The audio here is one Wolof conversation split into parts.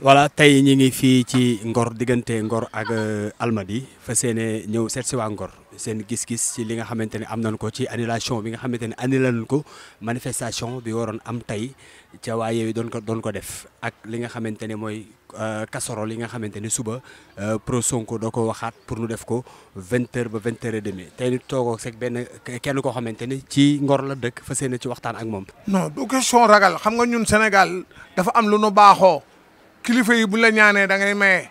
voilà tey ñi ngi fii ci Ngor diggante Ngor ak euh, Almadi fa seene ñëw seet si waa Ngor seen gis-gis ci li nga xamante ne am nañ ko ci annulation bi nga xamante ne annulé nañ ko manifestation bi waroon am tey ca waa Yewwi doon ko doon ko def ak li nga xamante ne mooy kasoro euh, li nga xamante ne suba euh, pro Sonko doo ko waxaat pour nu def ko vingt heures ba vingt heures et demi tey nit toogoo seg benn kenn koo xamante ne ci Ngor la dëkk fa seene ci waxtaan ak moom. non du question am lu nu kilifa yi bu la ñaanee da ngay maye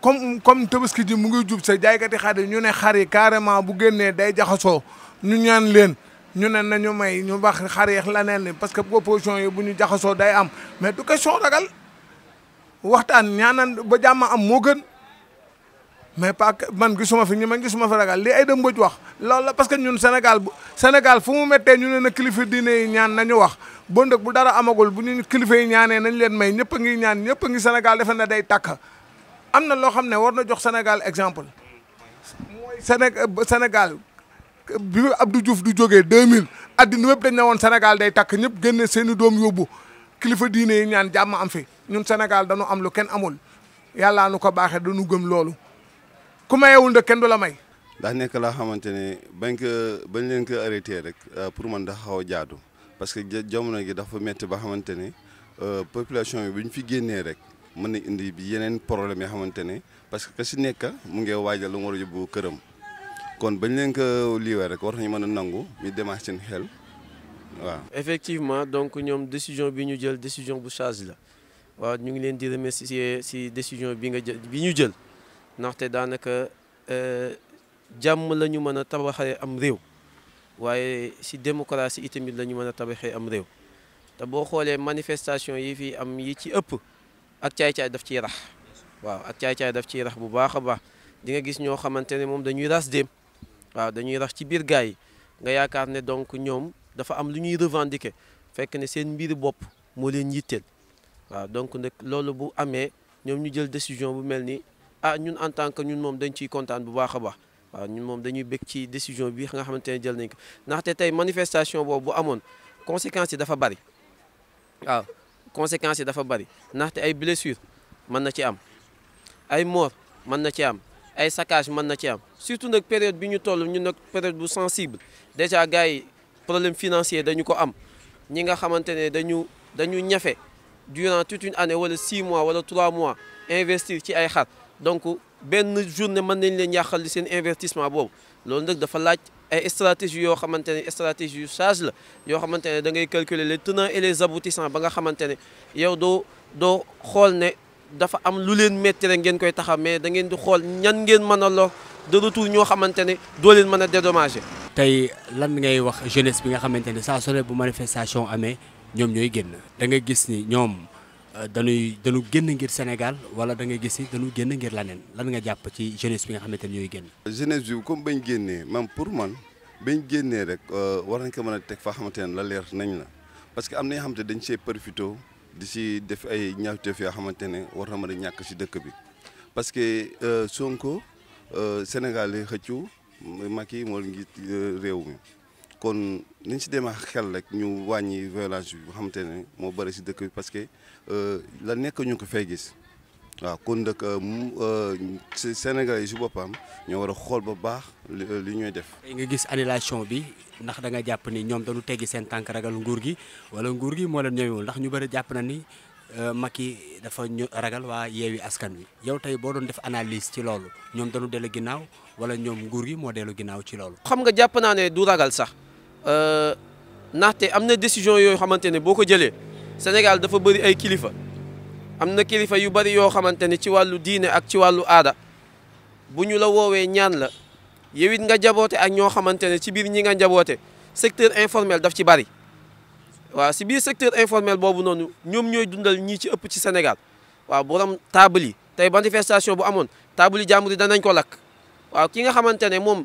comme comme tabaski ji mu ngi jub sa jaaykati xar yi ñu ne xar yi carrément bu génnee day jaxasoo ñu ñaan leen ñu ne nañu may ñu wax xar yi la neen parce que proposition yi bu ñu jaxasoo day am mais du question ragal waxtaan ñaanan ba jàmm am moo gën mais pas man gisuma fi ñi man gisuma fi ragal li ay dem bëj wax loolu la parce que ñun senegal bu Sénégal fu mu mettee ñu ne na kilifa diine yi ñaan nañu wax bon nag bu dara amagul bu ñu kilifa yi ñaanee nañ leen may ñëpp a ngi ñaan ñëpp a ngi Sénégal defe na day tàkk am na loo xam ne war na jox senegal exemple mooy Sénégal bi Abdou Diouf du jóge 2000 addina wépp dañ ne woon Sénégal day takk ñëpp génne seeni doom yóbbu kilifa diine yi ñaan jàmm am fi ñun senegal dañu am lu kenn amul yàllaa nu ko baaxee dañu gëm loolu ku mayewul nag kenn du la may. ndax nekk laa xamante ne bañ ko bañ leen ko arrêté rek euh, pour man da xaw a jaadu. parce que jamono gi dafa métti ba xamante ne euh, population bi bu ñu fi génnee rek mën na indi bi yeneen problème yoo xamante ne parce que si nekk mu ngi waajal lu mu war a yóbbu këram kon bañ leen ko liiwee rek war nañu mën a nangu mu démarrer xel waaw. effectivement donc ñoom décision bi ñu jël décision bu charge la waaw ñu ngi leen di remercier si décision bi nga jël bi ñu jël ndaxte daanaka euh, jàmm la ñu mën a tabaxare am réew. waaye si démocratie itamit la ñu mën a tabaxee am réew te boo xoolee manifestation yi fi am yi ci ëpp ak caay-caay daf ciy rax waaw ak caay-caay daf ciy rax bu baax a baax di nga gis ñoo xamante ne moom dañuy ras dem waaw dañuy rax ci biir gars yi nga yaakaar ne donc ñoom dafa am lu ñuy revendiquer fekk ne seen mbiri bopp moo leen yitteel waaw donc nag loolu bu amee ñoom ñu jël décision bu mel ni ah ñun en tant que ñun moom dañ ciy kontaan bu baax a baax. waaw ñun moom dañuy bëgg ci décision bi nga xamante ne jël nañ ko ndaxte tey manifestation boobu amoon conséquence dafa bari waaw conséquences dafa bari ndaxte ay blessures mën na ci am ay moor mën na ci am ay saccage mën na ci am surtout nag période bi ñu toll ñun nag période bu sensible déjà gars yi problème financier dañu ko am ñi nga xamante ne dañu dañu ñafe durant toute une année wala 6 mois wala trois mois investir ci ay xar benn journée mën nañ leen yàqal seen invertissement boobu loolu nag dafa laaj ay stratégie yoo xamante ne stratégie yu sage la yoo xamante ne da ngay calculer les tenants et les aboutissants ba nga xamante ne yow doo doo xool ne dafa am lu leen métti rek ngeen koy taxaw mais da ngeen di xool ñan ngeen mën a lor de retour ñoo xamante ne doo leen mën a dédommager. tey lan ngay wax jeunesse bi nga xamante ne saa su bu manifestation amee ñoom ñooy génn da nga gis nii ñoom. Euh, dañuy dañu génn ngir Sénégal wala da nga gis dañu génn ngir laneen lan nga jàpp ci jeunesse bi nga xamante ni ñooy génn. jeunesse bi comme bañ génnee man pour man bañ génnee rek euh, war nañ ko mën a teg faa xamante ne la leer nañ la parce que am na yoo xamante dañ see profité di si def ay ñaawteef yoo xamante ne war na mën a ñàkk si dëkk bi parce que euh, Sonko Sénégal yi xëccu yi moo ngi réew mi. kon niñ si demee xel rek ñu wàññi violence bi nga xamante ne moo bëri si dëkk bi parce que euh, la nekk ñu fay gis waaw kon nag euh, euh, Sénégal yi si boppam ñoo war a xool ba baax li ñuy def. nga gis annulation bi ndax da nga jàpp ni ñoom dañu teggi seen tànk ragal nguur gi wala nguur gi moo leen ñëwul ndax ñu bëri jàpp na ni Macky dafa ñu ragal waa yeewi askan wi yow tey boo doon def analyse ci loolu ñoom dañu dellu ginnaaw wala ñoom nguur gi moo dellu ginnaaw ci loolu. xam nga jàpp naa ne du ragal sax. Euh, ndaxte am na décision yooyu xamante ne boo ko jëlee Sénégal dafa bëri ay kilifa am na kilifa yu bari yoo xamante ne ci wàllu diine ak ci wàllu aada bu ñu la woowee ñaan la yow nga jaboote ak ñoo xamante ne ci biir ñi nga jaboote secteur informel daf ci bari waaw si biir secteur informel boobu noonu ñoom ñooy dundal ñii ci ëpp ci Sénégal waaw borom table yi tey manifestation bu amoon table yi yi danañ ko lakk waaw ki nga xamante ne moom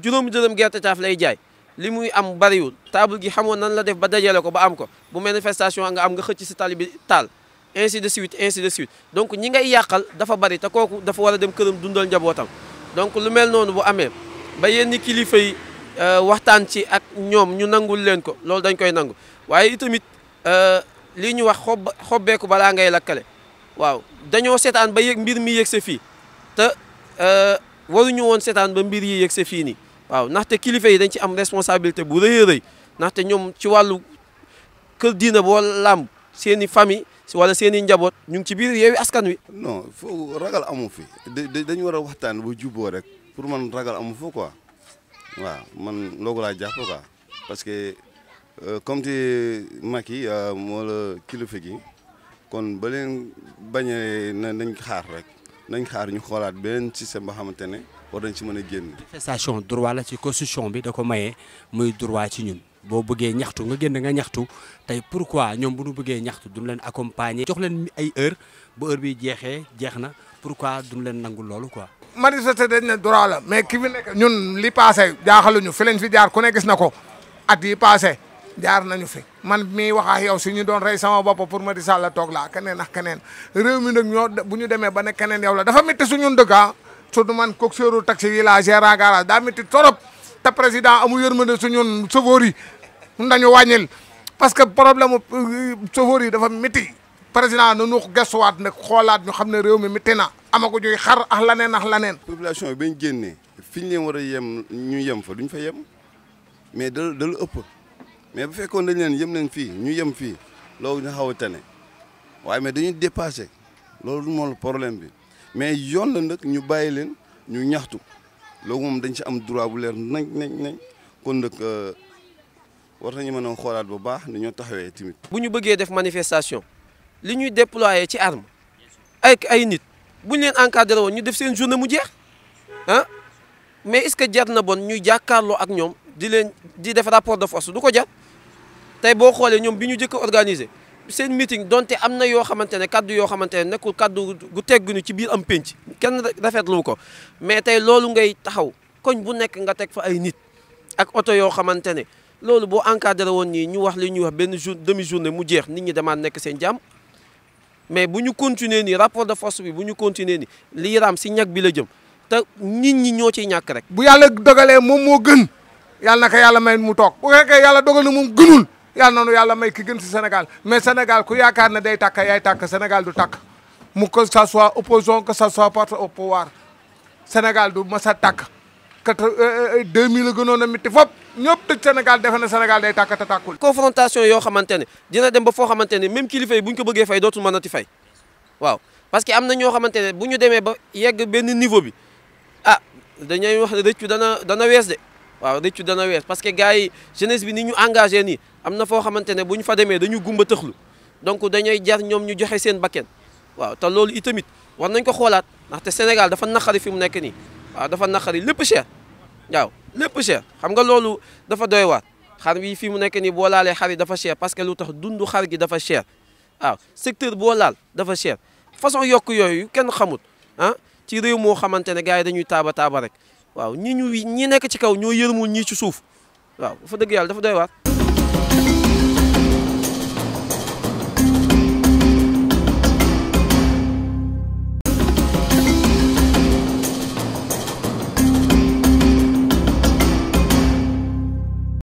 juróomi dërëm gerte caaf lay jaay. li muy am bariwul taabul gi xamoon nan la def ba dajale ko ba am ko bu manifestation nga am nga xëcc si tali bi taal ainsi de suite ainsi de suite donc ñi ngay yàqal dafa bari te kooku dafa war a dem këram dundal njabootam donc lu mel noonu bu amee ba yenn kilifay yi euh, waxtaan ci ak ñoom ñu nangul leen ko loolu dañ koy nangu waaye itamit euh, li ñu wax xob xobbeeku balaa ngay lakkale waaw dañoo seetaan ba yëg mbir mi yëg sa fii te euh, waruñu woon seetaan ba mbir yi yëg sa fii nii waaw ndaxte kilifa yi dañ ci am responsabilité bu rëy a ndaxte ñoom ci wàllu kër diina boo làmb seeni i famille wala seen i njaboot ñu ngi ci biir yeewi askan wi. non foofu ragal amu fi dañu war a waxtaan ba juboo rek pour man ragal amu fa ko waaw man loogu laa jàpp quoi parce que euh, comme te Macky euh, moo la kilifa gi kon ba leen bañee nañ xaar rek nañ xaar ñu xoolaat beneen système boo xamante ne. war nañ ci mën a génn. manifestation la ci constitution bi da ko maye muy droit ci ñun boo bëggee ñaxtu nga génn nga ñaxtu tey pourquoi ñoom bu ñu bëggee ñaxtu duñ leen accompagner. jox leen ay heure bi jeexee jeex na pourquoi duñ leen nangu loolu quoi. manifester dañ ne droit mais ki fi nekk ñun li passé jaaxaluñu fi lañ fi jaar ku ne gis na ko at yi passé jaar nañu fi man mii wax ak yow si ñu doon rey sama bopp pour Macky Sall la toog laa keneen ak keneen réew mi nag ñoo bu ñu demee ba ne keneen yow la dafa métti su ñun dëgg ah. sunu man coxeuru taxi yi la gérant garage daa métti torop te président amu yërmande su ñun chauffeur yi mun nañu wàññil parce que problème euh, chauffeur yi dafa métti président na ñu gëstuwaat nag xoolaat ñu xam ne réew mi métti na amagu ñuy xar ax laneen ax laneen population bi bañ génnee fi ñu a yem ñu yem fa duñ fa yem mais dal dalu ëpp bu fekkoon dañ leen yem leen fii ñu yem fii loolu ñu xaw a tane waaye mais dañuy dépassé loolu moom problème bi mais yoon la nag ñu bàyyi leen ñu ñaxtu loolu moom dañ ci am droit bu leer nañ nañ nañ kon nag euh, war nañu mën a xoolaat bu baax ni ñoo taxawee tamit. bu ñu bëggee def manifestation li ñuy déployer ci arme ay ay nit bu ñu leen encadré woon ñu def seen journée mu jeex ah mais est-ce que jar na bon ñuy jàkkaarloo ak ñoom di leen di def rapport de force du ko jar tey boo xoolee ñoom bi ñu jëkk organiser. seen meeting donte am na yoo xamante ne kaddu yoo xamante ne nekkul kaddu gu teggunu ci biir am pénc kenn rafetlu ko mais tey loolu ngay taxaw koñ bu nekk nga teg fa ay nit ak oto yoo xamante ne loolu boo encadré woon nii ñu wax li ñuy wax benn jour demi journée mu jeex nit ñi demaat nekk seen jàmm mais bu ñu continuer nii rapport de force bi bu ñu continuer ni liiraam si ñag bi la jëm te nit ñi ñoo ciy ñàkk rek. bu yàlla dogalee moom moo gën yàlla na ko yàlla may mu toog yàlla dogal na moom gënul. yàlla na yàlla may ki gën si Sénégal mais Sénégal ku yaakaar na day tàkk yaay tàkk Sénégal du tàkk mu ko sa soit opposition que ça soit parti au pouvoir Sénégal du mas a tàkk quatre euh, euh, euh, deux mille gënoon a mitti fop ñëpp tëj Sénégal defe na Sénégal day tàkk te tàkkul. confrontation yoo xamante ne dina dem ba foo xamante ne même kilifa yi bu ñu ko bëggee fay dootul mënati fay waaw parce que am na ñoo xamante ne bu ñu demee ba yegg benn niveau bi ah dañuy wax rëccu dana dana wees de. waaw rëccu dana wees parce que gars yi jeunesse bi ni ñu engagé ni am na foo xamante ne bu ñu fa demee dañu gumba tëxlu donc dañoy jar ñoom ñu joxe seen bakken waaw te loolu itamit war nañ ko xoolaat ndaxte Sénégal dafa naqari fi mu nekk nii waaw dafa naqari lépp cher waaw lépp cher xam nga loolu dafa doy waar xar bi fi mu nekk nii boo laalee xar yi dafa cher parce que lu tax dundu xar gi dafa cher waaw secteur boo laal dafa cher façon yokk yooyu kenn xamut ah ci réew moo xamante ne gars yi dañuy taaba taaba rek waaw ñi ñu ñi nekk ci kaw ñoo yërmul ñii ci suuf waaw fa dëgg yàlla dafa doy waar